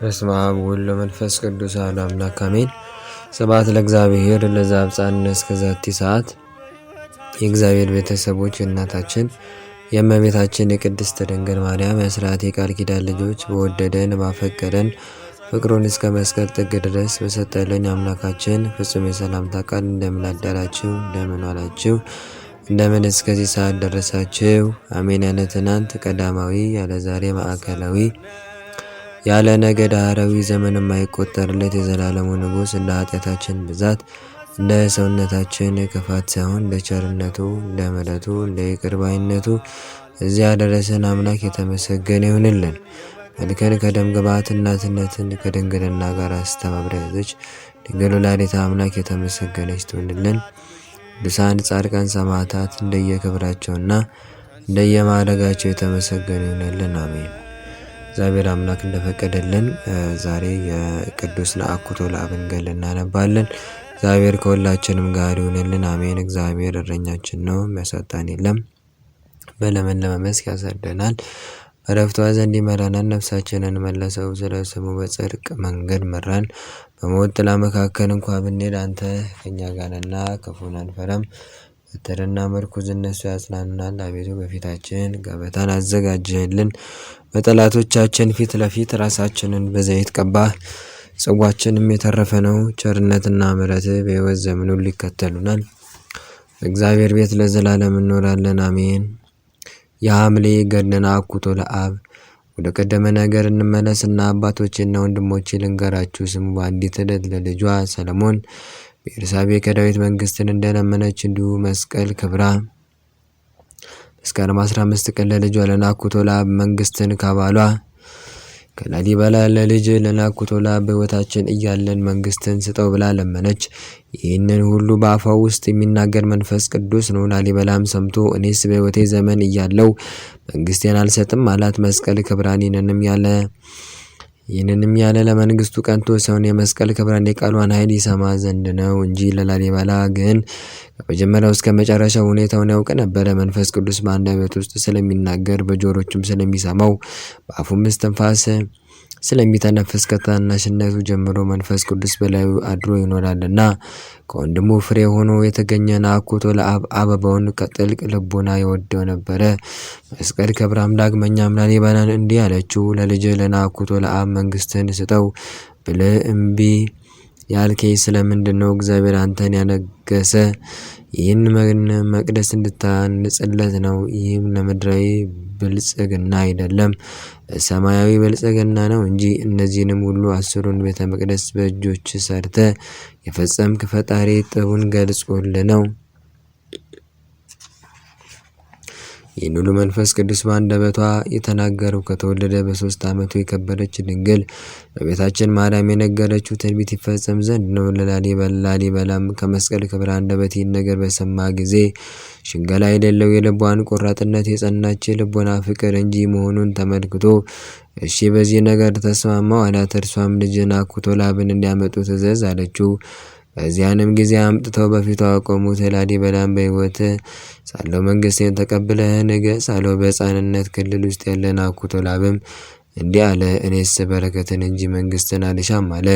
በስመ አብ ወወልድ ወመንፈስ ቅዱስ አሐዱ አምላክ አሜን። ስብሐት ለእግዚአብሔር ለዘአብጽሐነ እስከ ዛቲ ሰዓት። የእግዚአብሔር ቤተሰቦች እናታችን የእመቤታችን የቅድስት ድንግል ማርያም የሥርዓት የቃል ኪዳን ልጆች በወደደን ባፈቀደን ፍቅሩን እስከ መስቀል ጥግ ድረስ በሰጠልን አምላካችን ፍጹም የሰላምታ ቃል እንደምን አደራችሁ? እንደምን ዋላችሁ? እንደምን እስከዚህ ሰዓት ደረሳችሁ? አሜን። ያለ ትናንት ቀዳማዊ ያለ ዛሬ ማዕከላዊ ያለ ነገድ አረዊ ዘመን የማይቆጠርለት የዘላለሙ ንጉሥ እንደ ኃጢአታችን ብዛት እንደ ሰውነታችን ክፋት ሳይሆን እንደ ቸርነቱ፣ እንደ ምሕረቱ፣ እንደ ይቅር ባይነቱ እዚያ ያደረሰን አምላክ የተመሰገነ ይሁንልን። መልክን ከደም ግባት እናትነትን ከድንግልና ጋር አስተባብራ ያዘች ድንግል ወላዲተ አምላክ የተመሰገነች ትሁንልን። ቅዱሳን ጻድቃን፣ ሰማዕታት እንደየክብራቸውና እንደየማዕረጋቸው የተመሰገኑ ይሁንልን። አሜን። እግዚአብሔር አምላክ እንደፈቀደልን ዛሬ የቅዱስ ነአኩቶ ለአብን ገድል እናነባለን። እግዚአብሔር ከሁላችንም ጋር ይሁንልን፣ አሜን። እግዚአብሔር እረኛችን ነው፣ የሚያሳጣን የለም። በለመለመ መስክ ያሳደናል፣ በረፍቷ ዘንድ ይመራናል። ነፍሳችንን መለሰው፣ ስለ ስሙ በጽድቅ መንገድ መራን። በሞት ጥላ መካከል እንኳ ብንሄድ አንተ ከኛ ጋርና ክፉን አንፈራም። በትርና ምርኩዝ እነሱ ያጽናኑናል አቤቱ በፊታችን ገበታን አዘጋጀህልን በጠላቶቻችን ፊት ለፊት ራሳችንን በዘይት ቀባህ። ጽዋችንም የተረፈ ነው። ቸርነትና ምረት በሕይወት ዘመኑን ሊከተሉናል። እግዚአብሔር ቤት ለዘላለም እንኖራለን። አሜን። የሐምሌ ገድና አኩቶ ለአብ ወደ ቀደመ ነገር እንመለስና አባቶቼና ወንድሞቼ ልንገራችሁ። ስሙ በአንዲት ዕለት ለልጇ ሰለሞን ኤልሳቤጥ ከዳዊት መንግስትን እንደለመነች እንዲሁ መስቀል ክብራ መስከረም 15 ቀን ለልጇ ለናኩቶላ መንግስትን ከባሏ ከላሊበላ ለልጅ ለናኩቶላ በሕይወታችን እያለን መንግስትን ስጠው ብላ ለመነች። ይህንን ሁሉ በአፏ ውስጥ የሚናገር መንፈስ ቅዱስ ነው። ላሊበላም ሰምቶ እኔስ በሕይወቴ ዘመን እያለው መንግስቴን አልሰጥም አላት። መስቀል ክብራኔንንም ያለ ይህንንም ያለ ለመንግስቱ ቀንቶ ሰውን የመስቀል ክብረን የቃሏን ኃይል ይሰማ ዘንድ ነው እንጂ ለላሊበላ ግን ከመጀመሪያው እስከ መጨረሻው ሁኔታውን ያውቅ ነበረ። መንፈስ ቅዱስ በአንደበት ውስጥ ስለሚናገር በጆሮችም ስለሚሰማው በአፉም እስትንፋስ ስለሚተነፍስ ከታናሽነቱ ጀምሮ መንፈስ ቅዱስ በላዩ አድሮ ይኖራልና ከወንድሙ ፍሬ ሆኖ የተገኘ ናኩቶ አበባውን ከጥልቅ ልቦና የወደው ነበረ። መስቀል ከብርሃም ዳግመኛም ላሊበላን እንዲህ አለችው፣ ለልጅ ለናኩቶ ለአብ መንግስትን ስጠው ብለህ እምቢ ያልከኝ ስለምንድን ነው? እግዚአብሔር አንተን ያነገሰ ይህን መቅደስ እንድታንጽለት ነው። ይህም ለምድራዊ ብልጽግና አይደለም ሰማያዊ ብልጽግና ነው እንጂ እነዚህንም ሁሉ አስሩን ቤተ መቅደስ በእጆች ሰርተ የፈጸምክ ፈጣሪ ጥቡን ገልጾል ነው። ይህን ሁሉ መንፈስ ቅዱስ በአንደበቷ የተናገረው ከተወለደ በሦስት ዓመቱ የከበረች ድንግል በቤታችን ማርያም የነገረችው ትንቢት ይፈጸም ዘንድ ነው። ለላሊበላ ላሊበላም ከመስቀል ክብር አንደበት ይህን ነገር በሰማ ጊዜ ሽንገላ የሌለው የልቧን ቆራጥነት የጸናች ልቦና ፍቅር እንጂ መሆኑን ተመልክቶ እሺ በዚህ ነገር ተስማማው አላት። እርሷም ልጅን አኩቶ ላብን እንዲያመጡ ትእዘዝ አለችው። በዚያንም ጊዜ አምጥተው በፊቱ አቆሙት። ላሊበላም በሕይወት ሳለው መንግሥቴን ተቀብለህ ንገ አለው። በሕፃንነት ክልል ውስጥ ያለ ናኩቶላብም እንዲህ አለ፣ እኔስ በረከትን እንጂ መንግሥትን አልሻም አለ።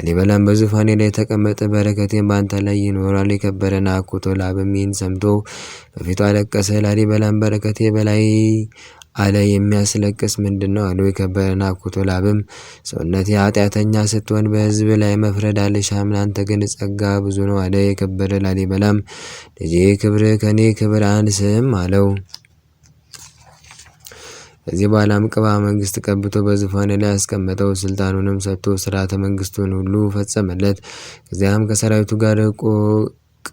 ላሊበላም በዙፋኔ ላይ የተቀመጠ በረከቴን በአንተ ላይ ይኖራል። የከበረ ናኩቶላብም ይህን ሰምቶ በፊቱ አለቀሰ። ላሊበላም በረከቴ በላይ አለ። የሚያስለቅስ ምንድነው? አሉ የከበረ ናኩቶ ላብም ሰውነት ኃጢአተኛ ስትሆን በህዝብ ላይ መፍረድ አልሻም፣ ላንተ ግን ጸጋ ብዙ ነው አለ። የከበረ ላሊበላም ልጄ ክብር ከኔ ክብር አንስም አለው። ከዚህ በኋላም ቅባ መንግስት ቀብቶ በዙፋን ላይ ያስቀመጠው፣ ስልጣኑንም ሰጥቶ ስርዓተ መንግስቱን ሁሉ ፈጸመለት። ከዚያም ከሰራዊቱ ጋር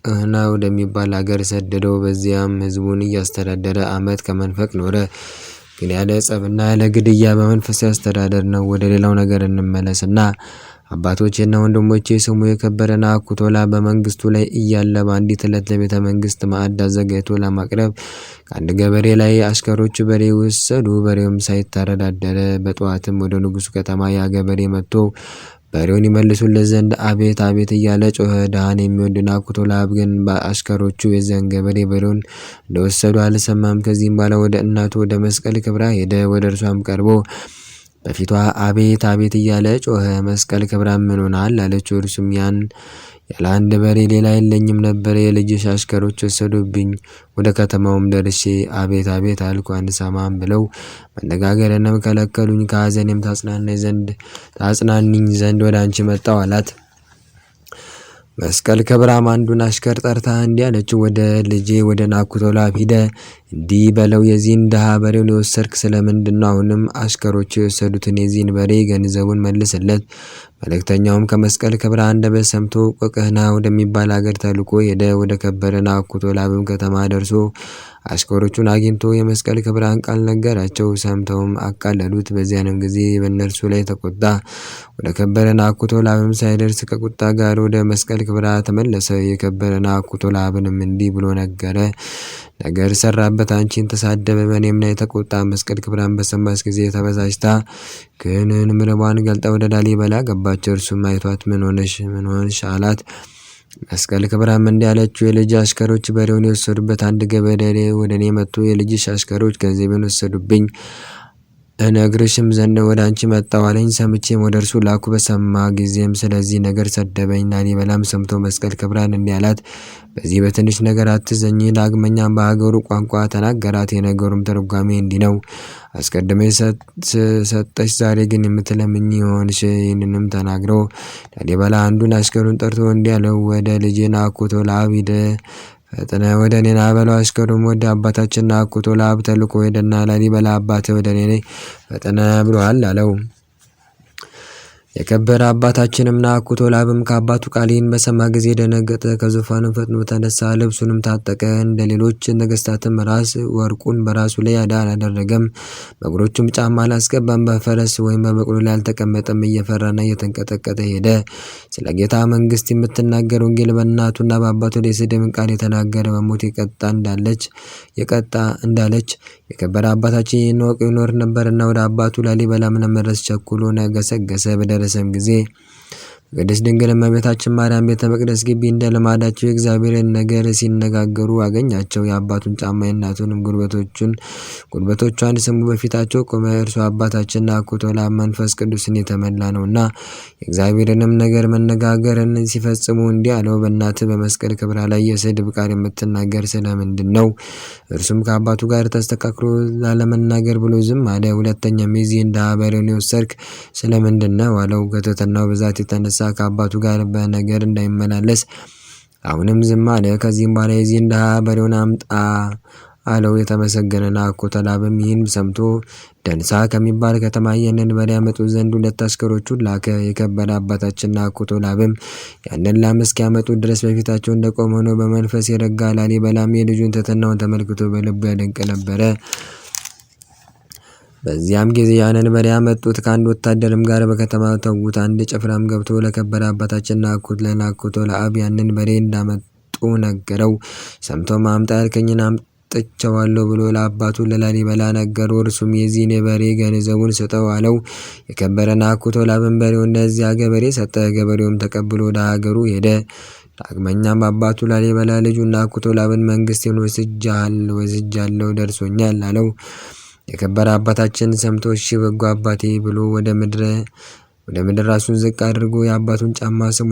ቅህና ወደሚባል አገር ሰደደው። በዚያም ህዝቡን እያስተዳደረ አመት ከመንፈቅ ኖረ። ግን ያለ ጸብና ያለ ግድያ በመንፈስ ያስተዳደር ነው። ወደ ሌላው ነገር እንመለስና አባቶቼና ወንድሞቼ ስሙ የከበረ ናኩቶላ በመንግስቱ ላይ እያለ በአንዲት ዕለት ለቤተ መንግስት ማዕድ አዘጋጅቶ ለማቅረብ ከአንድ ገበሬ ላይ አሽከሮቹ በሬ ወሰዱ። በሬውም ሳይታረድ አደረ። በጠዋትም ወደ ንጉሱ ከተማ ያ ገበሬ መጥቶ መሪውን ይመልሱለት ዘንድ አቤት አቤት እያለ ጮኸ። ድሃን የሚወድ ናኩቶ ለአብ ግን በአሽከሮቹ የዚያን ገበሬ በሬውን እንደወሰዱ አልሰማም። ከዚህም በኋላ ወደ እናቱ ወደ መስቀል ክብራ ሄደ። ወደ እርሷም ቀርቦ በፊቷ አቤት አቤት እያለ ጮኸ። መስቀል ክብራ ምን ሆናል አለችው። እርሱም ያን ያለ አንድ በሬ ሌላ የለኝም ነበር። የልጅሽ አሽከሮች ወሰዱብኝ። ወደ ከተማውም ደርሼ አቤት አቤት አልኩ። አንሰማም ብለው መነጋገርንም ከለከሉኝ። ከሐዘኔም ታጽናናኝ ዘንድ ታጽናንኝ ዘንድ ወደ አንቺ መጣው አላት። መስቀል ከብራም አንዱን አሽከር ጠርታ እንዲህ አለችው፣ ወደ ልጄ ወደ ናኩቶላብ ሂደ እንዲህ በለው የዚህን ድሃ በሬውን የወሰድክ ስለምንድን ነው? አሁንም አሽከሮቹ የወሰዱትን የዚህን በሬ ገንዘቡን መልስለት፣ መልእክተኛውም ከመስቀል ክብር አንደበት ሰምቶ ቆቅህና ወደሚባል አገር ተልኮ ሄደ። ወደ ከበረ ናኩቶላብም ከተማ ደርሶ አሽከሮቹን አግኝቶ የመስቀል ክብርን ቃል ነገራቸው። ሰምተውም አቃለሉት። በዚያንም ጊዜ በእነርሱ ላይ ተቆጣ። ወደ ከበረ ናኩቶላብም ሳይደርስ ከቁጣ ጋር ወደ መስቀል ክብራ ተመለሰ። የከበረ ናኩቶላብንም እንዲህ ብሎ ነገረ ነገር ሰራበት አንቺን ተሳደበ በእኔም ላይ የተቆጣ መስቀል ክብራን በሰማች ጊዜ ተበሳጭታ ክንን ምርቧን ገልጣ ወደ ላሊበላ ገባቸው። እርሱም አይቷት ምን ሆነሽ ምን ሆንሽ አላት። መስቀል ክብራም እንዲህ አለችው፣ የልጅ አሽከሮች በሬውን የወሰዱበት አንድ ገበሬ ወደ እኔ መጥቶ የልጅሽ አሽከሮች ገንዘቤን ወሰዱብኝ እነግርሽም ዘንድ ወደ አንቺ መጣሁ አለኝ። ሰምቼም ወደ እርሱ ላኩ። በሰማ ጊዜም ስለዚህ ነገር ሰደበኝ። ላሊበላም ሰምቶ መስቀል ክብራን እንዲህ አላት፣ በዚህ በትንሽ ነገር አትዘኝ። ዳግመኛም በሀገሩ ቋንቋ ተናገራት። የነገሩም ተርጓሜ እንዲህ ነው። አስቀድሜ ሰጠሽ፣ ዛሬ ግን የምትለምኝ ሆንሽ። ይህንንም ተናግሮ ላሊበላ አንዱን አሽከሩን ጠርቶ እንዲህ አለው፣ ወደ ልጄ ናኩቶ ለአብ ፈጥነ ወደ እኔ ና በለው። አሽከሩም ወደ አባታችንና አኩቶ ለአብ ተልኮ ሄደና ላሊበላ አባት ወደ እኔ ፈጥነ ፈጥነህ ብሎሃል አለው። የከበረ አባታችንም ናኩቶ ላብም ከአባቱ ቃሊን በሰማ ጊዜ ደነገጠ። ከዙፋንም ፈጥኖ ተነሳ፣ ልብሱንም ታጠቀ። እንደ ሌሎች ነገስታትም ራስ ወርቁን በራሱ ላይ አዳ አላደረገም። በእግሮቹም ጫማ አላስገባም። በፈረስ ወይም በበቅሎ ላይ አልተቀመጠም። እየፈራና እየተንቀጠቀጠ ሄደ። ስለ ጌታ መንግስት የምትናገር ወንጌል በእናቱና በአባቱ ላይ ስድብን ቃል የተናገረ በሞት የቀጣ እንዳለች የቀጣ እንዳለች የከበረ አባታችን ይህን ወቅ ይኖር ነበርና ወደ አባቱ ላሊበላ መመለስ ቸኩሎ ነገሰገሰ። በደረ በተመለሰም ጊዜ በቅድስት ድንግል እመቤታችን ማርያም ቤተ መቅደስ ግቢ እንደ ልማዳቸው የእግዚአብሔርን ነገር ሲነጋገሩ አገኛቸው። የአባቱን ጫማ የእናቱንም ጉልበቶቹን ጉልበቶቿን ስሙ በፊታቸው ቆመ። እርሱ አባታችንና አኩቶላ መንፈስ ቅዱስን የተመላ ነውና የእግዚአብሔርንም ነገር መነጋገርን ሲፈጽሙ እንዲህ አለው፣ በእናት በመስቀል ክብራ ላይ የስድብ ቃል የምትናገር ስለምንድን ነው? እርሱም ከአባቱ ጋር ተስተካክሎ ላለመናገር ብሎ ዝም አለ። ሁለተኛም የዚህ እንደ ሐበሬውን የወሰድክ ስለምንድን ነው አለው። ከትሕትናው ብዛት የተነሳ ከአባቱ ጋር በነገር እንዳይመላለስ አሁንም ዝም አለ። ከዚህም በኋላ የዚህን ድሃ በሬውን አምጣ አለው። የተመሰገነ ናኮተ ላባም ይህን ሰምቶ ደንሳ ከሚባል ከተማ ያንን በሬ ያመጡ ዘንድ ሁለት አሽከሮቹን ላከ። የከበረ አባታችን ናኮተ ላባም ያንን ላም እስኪያመጡ ድረስ በፊታቸው እንደቆመ ሆኖ በመንፈስ የረጋ ላሊበላም የልጁን ትሕትናውን ተመልክቶ በልቡ ያደንቅ ነበረ። በዚያም ጊዜ ያንን መሪ ያመጡት ከአንድ ወታደርም ጋር በከተማ ተዉት። አንድ ጭፍራም ገብቶ ለከበረ አባታችን ናኩት ለናኩቶ ለአብ ያንን በሬ እንዳመጡ ነገረው። ሰምቶም አምጣ ያልከኝን አምጥቼዋለሁ ብሎ ለአባቱ ለላሊበላ ነገሩ። እርሱም የዚህን በሬ ገንዘቡን ስጠው አለው። የከበረ ናኩቶ ለአብን በሬው እንደዚያ ገበሬ ሰጠ። ገበሬውም ተቀብሎ ወደ ሀገሩ ሄደ። ዳግመኛም አባቱ ላሊበላ ልጁ ናኩቶ ለአብን መንግስቴን ወስጃለሁ ደርሶኛል አለው። የከበረ አባታችን ሰምቶ እሺ በጎ አባቴ ብሎ ወደ ምድረ ወደ ምድር ራሱን ዝቅ አድርጎ የአባቱን ጫማ ስሞ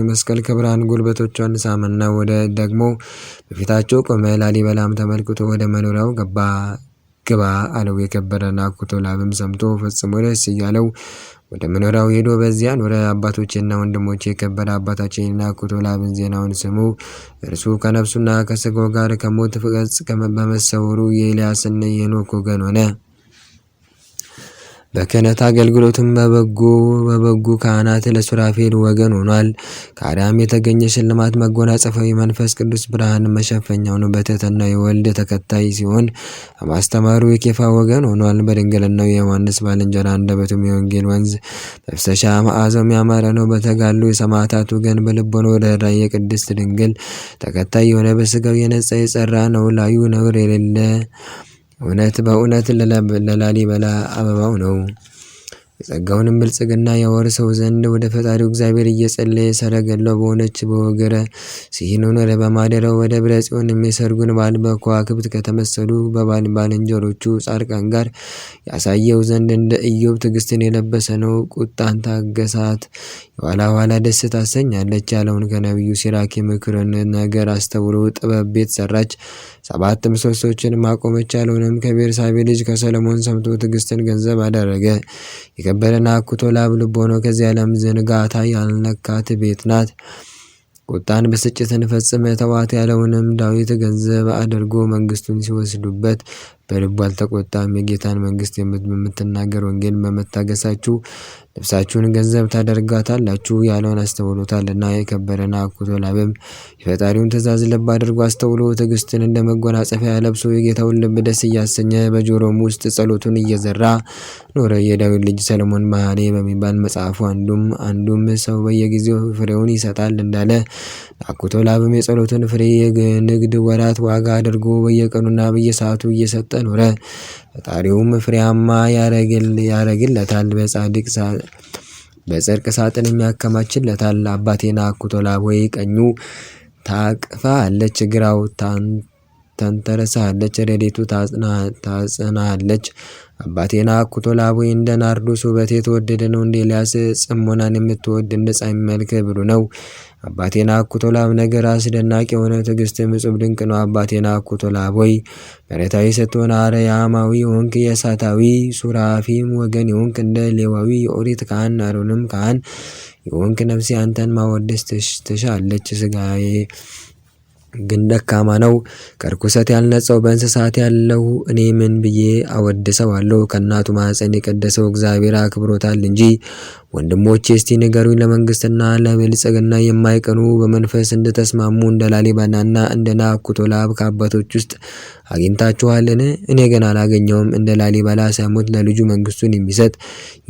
የመስቀል ክብራን ጉልበቶቿን ሳመና ወደ ደግሞ በፊታቸው ቆመ። ላሊበላም ተመልክቶ ወደ መኖሪያው ገባ ግባ አለው። የከበረ ናኩቶ ላብም ሰምቶ ፈጽሞ ደስ እያለው ወደ መኖሪያው ሄዶ በዚያን ወደ አባቶቼና ወንድሞቼ የከበረ አባታችን ናኩቶ ላብን ዜናውን ስሙ። እርሱ ከነፍሱና ከስጋው ጋር ከሞት ፍቅጽ በመሰወሩ የኤልያስና የኖክ ወገን ሆነ። በክህነት አገልግሎትም በበጉ በበጎ ካህናት ለሱራፌል ወገን ሆኗል። ከአዳም የተገኘ ሽልማት መጎናጸፊያው የመንፈስ ቅዱስ ብርሃን መሸፈኛው ነው። በትሕትና የወልድ ተከታይ ሲሆን በማስተማሩ የኬፋ ወገን ሆኗል። በድንግልናው የዮሐንስ ባልንጀራ አንደበቱም የወንጌል ወንዝ መፍሰሻ መዓዛውም ያማረ ነው። በተጋሉ የሰማዕታት ወገን በልቦናው ርኅራኄ የቅድስት ድንግል ተከታይ የሆነ በስጋው የነጻ የጸራ ነው። ላዩ ነውር የሌለ እውነት በእውነት ለላሊበላ አበባው ነው የጸጋውንም ብልጽግና የወርሰው ዘንድ ወደ ፈጣሪው እግዚአብሔር እየጸለየ ሰረገላው በሆነች በወገረ ሲኖን በማደረው ወደ ደብረ ጽዮን የሚሰርጉን በዓል በከዋክብት ከተመሰሉ በባል ባልንጀሮቹ ጻድቃን ጋር ያሳየው ዘንድ እንደ ኢዮብ ትዕግስትን የለበሰ ነው። ቁጣን ታገሳት፣ የኋላ ኋላ ደስ ታሰኛለች ያለውን ከነቢዩ ሲራክ የምክርን ነገር አስተውሎ ጥበብ ቤት ሰራች፣ ሰባት ምሰሶችን ማቆመች ያለውንም ከቤርሳቤ ልጅ ከሰለሞን ሰምቶ ትዕግስትን ገንዘብ አደረገ። የከበደን አኩቶ ላብ ልቦ ነው። ከዚህ ዓለም ዝንጋታ ያልነካት ቤት ናት። ቁጣን ብስጭትን ፈጽመ ተዋት ያለውንም ዳዊት ገንዘብ አድርጎ መንግስቱን ሲወስዱበት በልቡ አልተቆጣም። የጌታን መንግስት የምትናገር ወንጌል በመታገሳችሁ ልብሳችሁን ገንዘብ ታደርጋታላችሁ ያለውን እና የከበረና አኩቶ ላብም የፈጣሪውን ትእዛዝ ልብ አድርጎ አስተውሎ ትዕግስትን እንደ መጎናጸፊያ ለብሶ የጌታውን ልብ ደስ እያሰኘ በጆሮም ውስጥ ጸሎቱን እየዘራ ኖረ። የዳዊት ልጅ ሰለሞን መኃልየ በሚባል መጽሐፉ አንዱም አንዱም ሰው በየጊዜው ፍሬውን ይሰጣል እንዳለ አኩቶ ላብም የጸሎቱን ፍሬ የንግድ ወራት ዋጋ አድርጎ በየቀኑና በየሰዓቱ እየሰጠ ኖረ። ፈጣሪውም ፍሬያማ ያረግለታል፣ በጻድቅ በጽድቅ ሳጥን ያከማችለታል። አባቴና ኩቶላ ወይ ቀኙ ታቅፋ አለች ግራው ታን ታንተረሳለች ረዴቱ ታጽናለች። አባቴና አኩቶ ላቦይ እንደ ናርዶስ ውበት የተወደደ ነው። እንደ ኤልያስ ጽሞናን የምትወድ እንደ ፀሐይ መልክ ብሉ ነው። አባቴና አኩቶ ላብ ነገር አስደናቂ የሆነ ትዕግስት ምጹብ ድንቅ ነው። አባቴና አኩቶ ላቦይ መሬታዊ ስትሆን አርያማዊ ሆንክ የእሳታዊ ሱራፊም ወገን የሆንክ እንደ ሌዋዊ የኦሪት ካህን አሮንም ካህን የሆንክ ነፍሴ አንተን ማወደስ ትሻለች ስጋዬ ግን ደካማ ነው። ከርኩሰት ያልነጸው በእንስሳት ያለው እኔ ምን ብዬ አወድሰዋለሁ? ከእናቱ ማኅፀን የቀደሰው እግዚአብሔር አክብሮታል እንጂ። ወንድሞቼ እስቲ ንገሩኝ፣ ለመንግሥትና ለብልጽግና የማይቀኑ በመንፈስ እንደተስማሙ እንደ ላሊባናና እንደ ናኩቶላብ ከአባቶች ውስጥ አግኝታችኋልን? እኔ ገና አላገኘውም። እንደ ላሊባላ ሳይሞት ለልጁ መንግሥቱን የሚሰጥ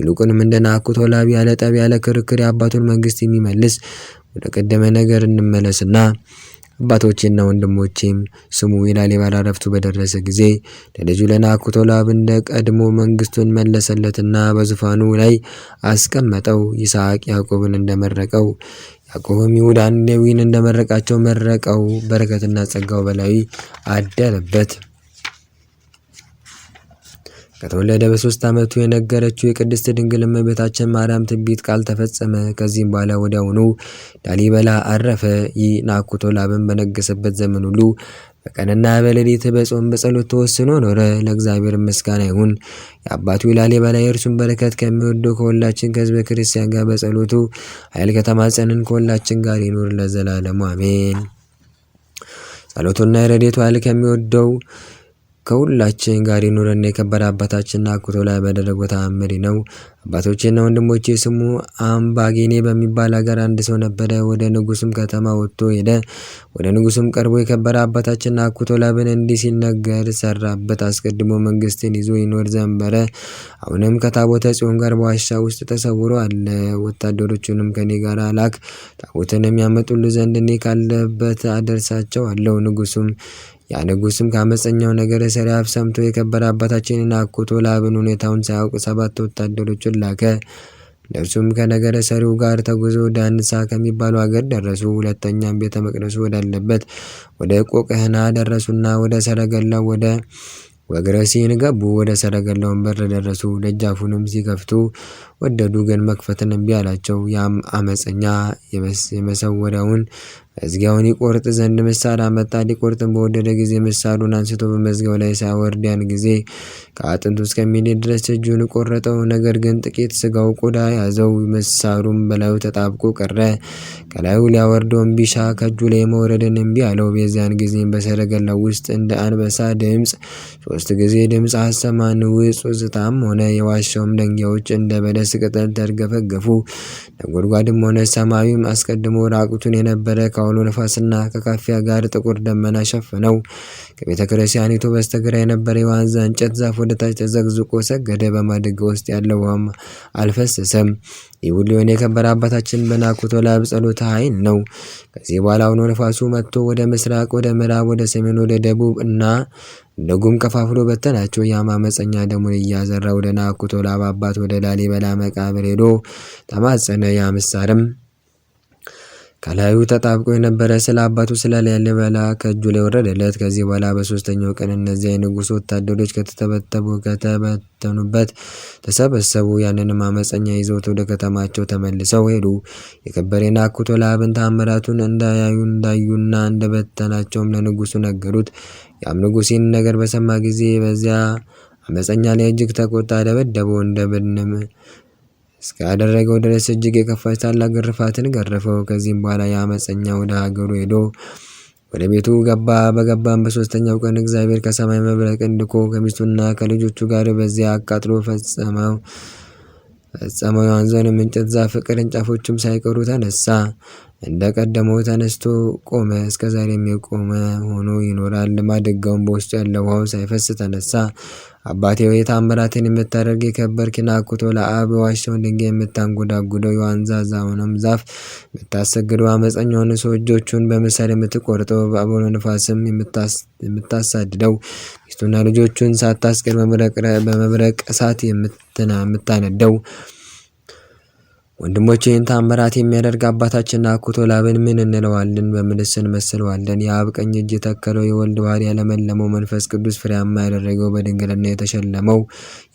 ይልቁንም እንደ ናኩቶላብ ያለ ጠብ ያለ ክርክር የአባቱን መንግሥት የሚመልስ ወደ ቀደመ ነገር እንመለስና አባቶቼና ወንድሞቼም ስሙ የላሊበላ ዕረፍቱ በደረሰ ጊዜ ለልጁ ለናኩቶ ለአብ እንደ ቀድሞ መንግስቱን መለሰለትና በዙፋኑ ላይ አስቀመጠው። ይስሐቅ ያዕቆብን እንደመረቀው ያዕቆብም ይሁዳን ሌዊን እንደመረቃቸው መረቀው። በረከትና ጸጋው በላዩ አደረበት። ከተወለደ በሶስት ዓመቱ የነገረችው የቅድስት ድንግል እመቤታችን ማርያም ትንቢት ቃል ተፈጸመ። ከዚህም በኋላ ወዲያውኑ ላሊበላ አረፈ። ይህ ናኩቶ ላብን በነገሰበት ዘመን ሁሉ በቀንና በሌሊት በጾም በጸሎት ተወስኖ ኖረ። ለእግዚአብሔር ምስጋና ይሁን። የአባቱ ላሊበላ የእርሱን በረከት ከሚወደው ከሁላችን ከህዝበ ክርስቲያን ጋር በጸሎቱ ኃይል ከተማጸንን ከሁላችን ጋር ይኑር ለዘላለሙ አሜን። ጸሎቱና የረዴቱ ኃይል ከሚወደው ከሁላችን ጋር ይኑረን። የከበረ አባታችንና አኩቶ ላይ ባደረገው ተአምር ነው። አባቶቼና ወንድሞቼ ስሙ አምባጌኔ በሚባል ሀገር አንድ ሰው ነበረ። ወደ ንጉስም ከተማ ወጥቶ ሄደ። ወደ ንጉስም ቀርቦ የከበረ አባታችንና አኩቶ ላብን እንዲህ ሲል ነገር ሰራበት። አስቀድሞ መንግስትን ይዞ ይኖር ዘንበረ። አሁንም ከታቦተ ጽዮን ጋር በዋሻ ውስጥ ተሰውሮ አለ። ወታደሮቹንም ከኔ ጋር ላክ፣ ታቦትንም ያመጡሉ ዘንድ እኔ ካለበት አደርሳቸው አለው። ንጉሱም ያ ንጉሥም ከአመፀኛው ነገረ ሰሪያፍ ሰምቶ የከበረ አባታችን አኩቶ ላብን ሁኔታውን ሳያውቅ ሰባት ወታደሮችን ላከ። እነርሱም ከነገረ ሰሪው ጋር ተጉዞ ዳንሳ ከሚባሉ አገር ደረሱ። ሁለተኛም ቤተ መቅደሱ ወዳለበት ወደ ቆቅህና ደረሱና ወደ ሰረገላው ወደ ወግረሲን ገቡ። ወደ ሰረገላውን በር ደረሱ። ደጃፉንም ሲከፍቱ ወደዱ፣ ግን መክፈትን እምቢ አላቸው። ያም አመፀኛ የመሰወሪያውን መዝጊያውን ይቈርጥ ዘንድ ምሳር አመጣ። ሊቈርጥም በወደደ ጊዜ ምሳሩን አንስቶ በመዝጊያው ላይ ሳያወርድ ያን ጊዜ ከአጥንቱ እስከሚሄድ ድረስ እጁን ቆረጠው። ነገር ግን ጥቂት ስጋው ቆዳ ያዘው፣ ምሳሩም በላዩ ተጣብቆ ቀረ። ከላዩ ሊያወርደውም ቢሻ ከእጁ ላይ መውረድን እምቢ አለው። በዚያን ጊዜም በሰረገላው ውስጥ እንደ አንበሳ ድምፅ ሶስት ጊዜ ድምፅ አሰማ። ንውጽውጽታም ሆነ። የዋሻውም ደንጊያዎች እንደ በለስ ቅጠል ተርገፈገፉ። ነጎድጓድም ሆነ። ሰማዩም አስቀድሞ ራቁቱን የነበረ ካ አውሎ ነፋስና ከካፊያ ጋር ጥቁር ደመና ሸፈነው። ከቤተ ክርስቲያኒቱ በስተግራ የነበረ የዋንዛ እንጨት ዛፍ ወደ ታች ተዘግዝቆ ሰገደ። በማድጋ ውስጥ ያለው ውሃም አልፈሰሰም። ይህ የከበረ አባታችን በናኩቶ ላብ ጸሎተ ኃይል ነው። ከዚህ በኋላ አውሎ ነፋሱ መጥቶ ወደ ምስራቅ፣ ወደ ምዕራብ፣ ወደ ሰሜን፣ ወደ ደቡብ እና ንጉም ከፋፍሎ በተናቸው። የአማመፀኛ ደሙን እያዘራ ወደ ናኩቶ ላብ አባት ወደ ላሊበላ መቃብር ሄዶ ተማጸነ። ያምሳርም ከላዩ ተጣብቆ የነበረ ስለ አባቱ ስለ ላሊበላ ከእጁ ላይ ወረደለት። ከዚህ በኋላ በሶስተኛው ቀን እነዚያ የንጉሱ ወታደሮች ከተተበተቡ ከተበተኑበት ተሰበሰቡ። ያንንም አመፀኛ ይዘውት ወደ ከተማቸው ተመልሰው ሄዱ። የከበሬና አኩቶ ለአብን ተአምራቱን እንዳያዩ እንዳዩና እንደበተናቸውም ለንጉሱ ነገሩት። ያም ንጉስ ይህን ነገር በሰማ ጊዜ በዚያ አመፀኛ ላይ እጅግ ተቆጣ፣ ደበደበው እንደ ብንም እስካደረገው ድረስ እጅግ የከፋች ታላቅ ግርፋትን ገረፈው። ከዚህም በኋላ የአመፀኛ ወደ ሀገሩ ሄዶ ወደ ቤቱ ገባ። በገባም በሶስተኛው ቀን እግዚአብሔር ከሰማይ መብረቅ እንድኮ ከሚስቱና ከልጆቹ ጋር በዚያ አቃጥሎ ፈጸመው። ፈጸመው የወንዙንም እንጨት ዛፍ ቅርንጫፎችም ሳይቀሩ ተነሳ። እንደ ቀደመው ተነስቶ ቆመ፣ እስከ ዛሬም የቆመ ሆኖ ይኖራል። ማድጋውም በውስጡ ያለ ውሃው ሳይፈስ ተነሳ። አባቴ ወይ ተአምራትን የምታደርግ የከበርክ ናኩቶ ለአብ የዋሸውን ድንጋይ የምታንጎዳጉደው የዋንዛ ዛውንም ዛፍ የምታሰግደው አመፀኛውን ሰው እጆቹን በምሳሌ የምትቆርጠው በአቦሎ ንፋስም የምታሳድደው ሚስቱና ልጆቹን ሳታስቀር በመብረቅ እሳት የምታነደው ወንድሞች ይህን ታምራት የሚያደርግ አባታችንና አኩቶ ላብን ምን እንለዋለን? በምንስ እንመስለዋለን? የአብ ቀኝ እጅ የተከለው የወልድ ባህሪ ያለመለመው መንፈስ ቅዱስ ፍሬያማ ያደረገው በድንግልና የተሸለመው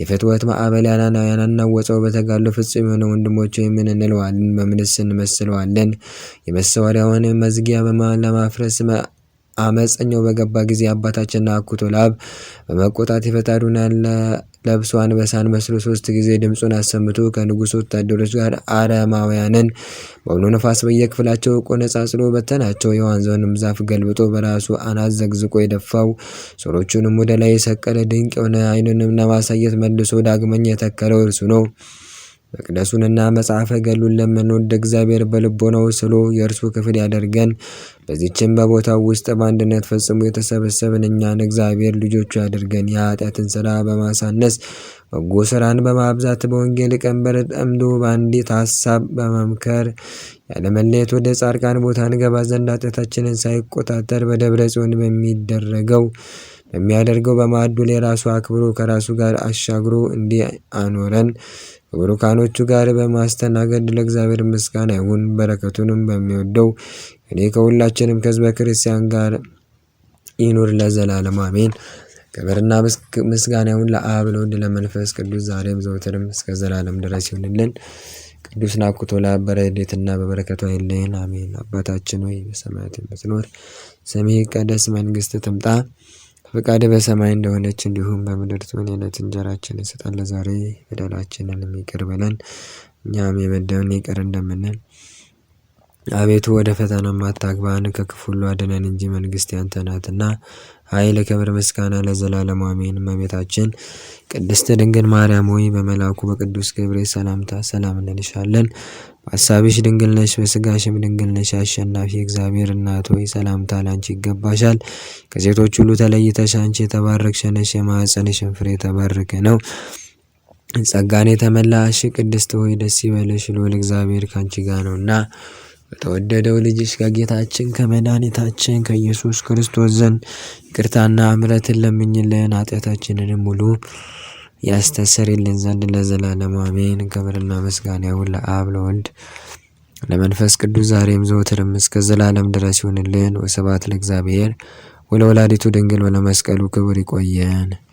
የፍትወት ማዕበል ያናናወጸው በተጋድሎ ፍጹም የሆነ ወንድሞች ምን እንለዋለን? በምንስ እንመስለዋለን? የመሰወሪያውን መዝጊያ ለማፍረስ አመፀኛው በገባ ጊዜ አባታችንና አኩቶ ላብ በመቆጣት የፈጣሪውን ያለ ለብሶ አንበሳን መስሎ ሶስት ጊዜ ድምፁን አሰምቶ ከንጉሥ ወታደሮች ጋር አረማውያንን በሁሉ ነፋስ በየክፍላቸው ቆነጻጽሎ በተናቸው። የዋንዘውንም ዛፍ ገልብጦ በራሱ አናት ዘግዝቆ የደፋው ሥሮቹንም ወደ ላይ የሰቀለ ድንቅ የሆነ አይኑንም ማሳየት መልሶ ዳግመኛ የተከለው እርሱ ነው። መቅደሱንና መጽሐፈ ገሉን ለምንወድ እግዚአብሔር በልቦናው ስሎ የእርሱ ክፍል ያደርገን። በዚችም በቦታው ውስጥ በአንድነት ፈጽሞ የተሰበሰብን እኛን እግዚአብሔር ልጆቹ ያደርገን። የኃጢአትን ስራ በማሳነስ በጎ ስራን በማብዛት በወንጌል ቀንበር ጠምዶ በአንዲት ሀሳብ በመምከር ያለመለየት ወደ ጻድቃን ቦታ እንገባ ዘንድ ኃጢአታችንን ሳይቆጣጠር በደብረ ጽዮን በሚደረገው በሚያደርገው በማዕዱ ላይ ራሱ አክብሮ ከራሱ ጋር አሻግሮ እንዲህ አኖረን ከብሩካኖቹ ጋር በማስተናገድ ለእግዚአብሔር ምስጋና ይሁን። በረከቱንም በሚወደው እኔ ከሁላችንም ከሕዝበ ክርስቲያን ጋር ይኑር ለዘላለም አሜን። ክብርና ምስጋና ይሁን ለአብ ለወልድ ለመንፈስ ቅዱስ ዛሬም ዘወትርም እስከ ዘላለም ድረስ ይሁንልን። ቅዱስ ናኩቶ ለአብ በረድኤቱና በበረከቱ አይለየን አሜን። አባታችን ሆይ በሰማያት የምትኖር ስምህ ይቀደስ፣ መንግሥትህ ትምጣ ፈቃድህ በሰማይ እንደሆነች እንዲሁም በምድር ትሁን የዕለት እንጀራችንን ስጠን ለዛሬ በደላችንን ይቅር በለን እኛም የበደሉንን ይቅር እንደምንል አቤቱ ወደ ፈተናም አታግባን ከክፉ ሁሉ አድነን እንጂ መንግስት ያንተ ናትና፣ ኃይል፣ ክብር፣ ምስጋና ለዘላለም አሜን። እመቤታችን ቅድስት ድንግል ማርያም ሆይ በመልአኩ በቅዱስ ገብርኤል ሰላምታ ሰላም እንልሻለን። በሐሳብሽ ድንግል ነሽ፣ በስጋሽም ድንግል ነሽ። አሸናፊ እግዚአብሔር እናት ሆይ ሰላምታ ላንቺ ይገባሻል። ከሴቶች ሁሉ ተለይተሽ አንቺ የተባረክሽ ነሽ፣ የማኅፀንሽን ፍሬ የተባረከ ነው። ጸጋን የተመላሽ ቅድስት ሆይ ደስ ይበልሽ፣ ልዑል እግዚአብሔር ካንቺ ጋር ነውና በተወደደው ልጅሽ ከጌታችን ከመድኃኒታችን ከኢየሱስ ክርስቶስ ዘንድ ይቅርታና ምሕረትን ለምኝልን ኃጢአታችንንም ሙሉ ያስተሰርይልን ዘንድ ለዘላለም አሜን። ክብርና ምስጋና ይሁን ለአብ ለወልድ ለመንፈስ ቅዱስ ዛሬም ዘወትርም እስከ ዘላለም ድረስ ይሁንልን። ወስብሐት ለእግዚአብሔር ወለወላዲቱ ድንግል ወለመስቀሉ ክብር ይቆየን።